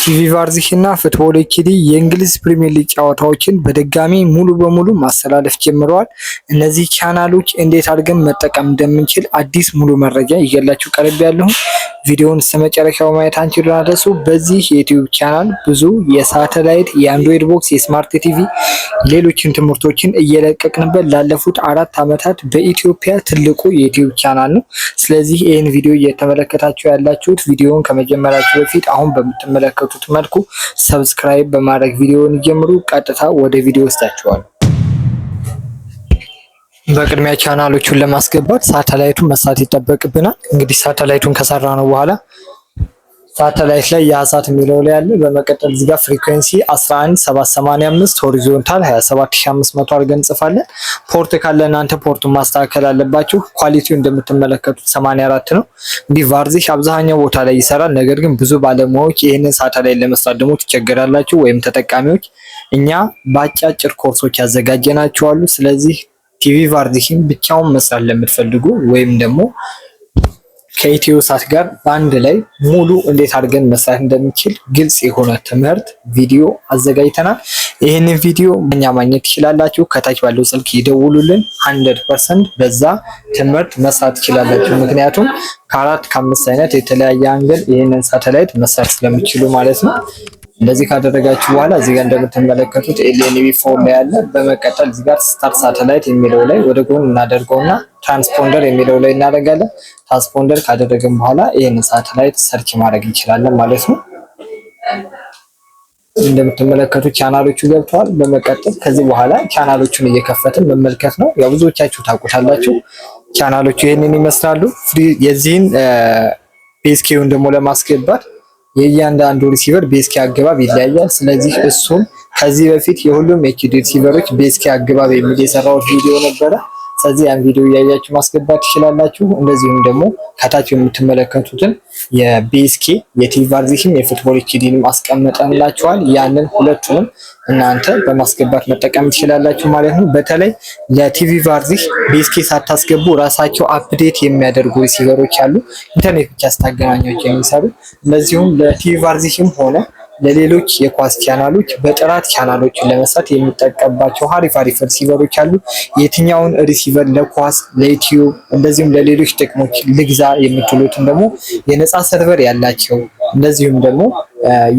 ስቲቪ ቫርዚህ እና ፉትቦል ኪዲ የእንግሊዝ ፕሪሚየር ሊግ ጨዋታዎችን በድጋሚ ሙሉ በሙሉ ማስተላለፍ ጀምረዋል። እነዚህ ቻናሎች እንዴት አድርገን መጠቀም እንደምንችል አዲስ ሙሉ መረጃ እየላችሁ ቀርብ ያለሁ። ቪዲዮውን መጨረሻው ማየት አንችልናደሱ። በዚህ የዩቲዩብ ቻናል ብዙ የሳተላይት የአንድሮይድ ቦክስ፣ የስማርት ቲቪ፣ ሌሎችን ትምህርቶችን እየለቀቅንበት ላለፉት አራት ዓመታት በኢትዮጵያ ትልቁ የዩቲዩብ ቻናል ነው። ስለዚህ ይህን ቪዲዮ እየተመለከታችሁ ያላችሁት ቪዲዮውን ከመጀመራችሁ በፊት አሁን በምትመለከቱ በምትመርጡት መልኩ ሰብስክራይብ በማድረግ ቪዲዮውን ይጀምሩ። ቀጥታ ወደ ቪዲዮ ውስጣችኋል። በቅድሚያ ቻናሎቹን ለማስገባት ሳተላይቱን መስራት ይጠበቅብናል። እንግዲህ ሳተላይቱን ከሰራ ነው በኋላ ሳተላይት ላይ የአሳት የሚለው ላይ ያለ። በመቀጠል እዚህ ጋር ፍሪኩዌንሲ 11785 ሆሪዞንታል 27500 አድርገን እንጽፋለን። ፖርት ካለ እናንተ ፖርቱን ማስተካከል አለባችሁ። ኳሊቲው እንደምትመለከቱት 84 ነው። እንዲህ ቫርዚሽ አብዛኛው ቦታ ላይ ይሰራል። ነገር ግን ብዙ ባለሙያዎች ይህንን ሳተላይት ለመስራት ደግሞ ትቸገራላችሁ ወይም ተጠቃሚዎች። እኛ በአጫጭር ኮርሶች ያዘጋጀናችኋሉ። ስለዚህ ቲቪ ቫርዚሽን ብቻውን መስራት ለምትፈልጉ ወይም ደግሞ ከኢትዮ ሳት ጋር በአንድ ላይ ሙሉ እንዴት አድርገን መስራት እንደሚችል ግልጽ የሆነ ትምህርት ቪዲዮ አዘጋጅተናል። ይህንን ቪዲዮ ኛ ማግኘት ትችላላችሁ። ከታች ባለው ስልክ ይደውሉልን። ሀንድረድ ፐርሰንት በዛ ትምህርት መስራት ትችላላችሁ። ምክንያቱም ከአራት ከአምስት አይነት የተለያየ አንግል ይህንን ሳተላይት መስራት ስለምችሉ ማለት ነው። እንደዚህ ካደረጋችሁ በኋላ እዚጋ ጋር እንደምትመለከቱት ኤልኤንቢ ፎር ላይ ያለ በመቀጠል እዚህ ስታር ሳተላይት የሚለው ላይ ወደ ጎን እናደርገውና ትራንስፖንደር የሚለው ላይ እናደርጋለን። ትራንስፖንደር ካደረግን በኋላ ይህንን ሳተላይት ሰርች ማድረግ እንችላለን ማለት ነው። እንደምትመለከቱት ቻናሎቹ ገብተዋል። በመቀጠል ከዚህ በኋላ ቻናሎቹን እየከፈትን መመልከት ነው። ያው ብዙዎቻችሁ ታውቁታላችሁ። ቻናሎቹ ይህንን ይመስላሉ። የዚህን ቤስኬውን ደግሞ ለማስገባት የእያንዳንዱ ሪሲቨር ቤስኬ አገባብ ይለያያል። ስለዚህ እሱም ከዚህ በፊት የሁሉም ኤችዲ ሪሲቨሮች ቤስኬ አገባብ የሚል የሰራው ቪዲዮ ነበረ። ስለዚህ ያን ቪዲዮ እያያችሁ ማስገባት ትችላላችሁ። እንደዚሁም ደግሞ ከታች የምትመለከቱትን የቤስኬ የቲቫርዚሽም የፉትቦል ኤችዲንም አስቀምጠንላችኋል። ያንን ሁለቱንም እናንተ በማስገባት መጠቀም ትችላላችሁ ማለት ነው። በተለይ ለቲቪ ቫርዚሽ ቤስኬ ሳታስገቡ ራሳቸው አፕዴት የሚያደርጉ ሪሲቨሮች አሉ፣ ኢንተርኔት ብቻ ስታገናኛቸው የሚሰሩ እንደዚሁም ለቲቪ ቫርዚሽም ሆነ ለሌሎች የኳስ ቻናሎች በጥራት ቻናሎችን ለመስራት የሚጠቀምባቸው አሪፍ አሪፍ ሪሲቨሮች አሉ። የትኛውን ሪሲቨር ለኳስ ለዩቲዩብ እንደዚሁም ለሌሎች ጥቅሞች ልግዛ የምትሉትን ደግሞ የነፃ ሰርቨር ያላቸው እንደዚሁም ደግሞ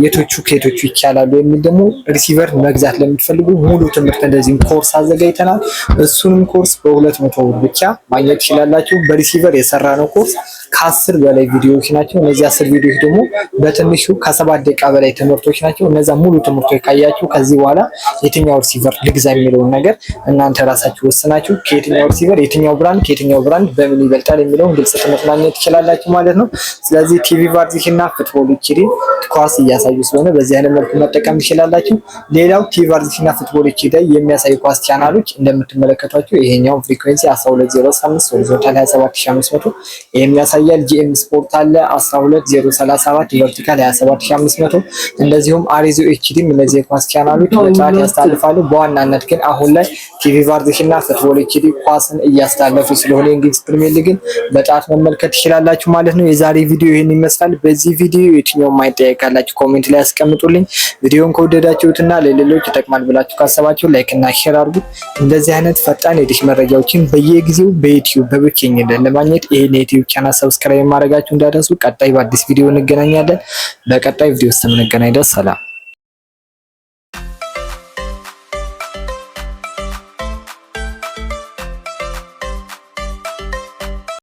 የቶቹ ከየቶቹ ይቻላሉ የሚል ደግሞ ሪሲቨር መግዛት ለምትፈልጉ ሙሉ ትምህርት እንደዚህም ኮርስ አዘጋጅተናል። እሱንም ኮርስ በሁለት መቶ ብር ብቻ ማግኘት ትችላላችሁ። በሪሲቨር የሰራ ነው ኮርስ ከአስር በላይ ቪዲዮዎች ናቸው። እነዚህ አስር ቪዲዮዎች ደግሞ በትንሹ ከሰባት ደቂቃ በላይ ትምህርቶች ናቸው። እነዛ ሙሉ ትምህርቶች ካያችሁ ከዚህ በኋላ የትኛው ሪሲቨር ልግዛ የሚለውን ነገር እናንተ ራሳችሁ ወስናችሁ ከየትኛው ሪሲቨር የትኛው ብራንድ ከየትኛው ብራንድ በምን ይበልጣል የሚለውን ግልጽ ትምህርት ማግኘት ይችላላችሁ ማለት ነው። ስለዚህ ቲቪ ቫርዚሽና ፉትቦል ኪሪ ኳስ እያሳዩ ስለሆነ በዚህ አይነት መልኩ መጠቀም ትችላላችሁ። ሌላው ቲቪ እና ፉትቦሎች ላይ የሚያሳዩ ኳስ ቻናሎች እንደምትመለከቷቸው ይሄኛውን ፍሪኩዌንሲ 1205 ሆሪዞንታል 27500 ያሳያል። ጂኤም ስፖርት አለ 12037 ቨርቲካል 27500 እንደዚሁም አሪዞ ኤችዲም እነዚህ የኳስ ቻናሎች በጥራት ያስተላልፋሉ። በዋናነት ግን አሁን ላይ ቲቪ ቫርዚሽ ፉትቦል ኤችዲ ኳስን እያስተላለፉ ስለሆነ የእንግሊዝ ፕሪሚየር ሊግን በጥራት መመልከት ትችላላችሁ ማለት ነው። የዛሬ ቪዲዮ ይህን ይመስላል። በዚህ ቪዲዮ የትኛውም ማይጠየቃላ ካላችሁ ኮሜንት ላይ አስቀምጡልኝ። ቪዲዮን ከወደዳችሁትና ለሌሎች ይጠቅማል ብላችሁ ካሰባችሁ ላይክ እና ሼር አድርጉ። እንደዚህ አይነት ፈጣን የዲሽ መረጃዎችን በየጊዜው በዩቲዩብ በብቸኝነት ለማግኘት ይህን የዩቲዩብ ቻናል ሰብስክራይብ ማድረጋችሁ እንዳደረሱ። ቀጣይ በአዲስ ቪዲዮ እንገናኛለን። በቀጣይ ቪዲዮ ውስጥ የምንገናኝ ደስ ሰላም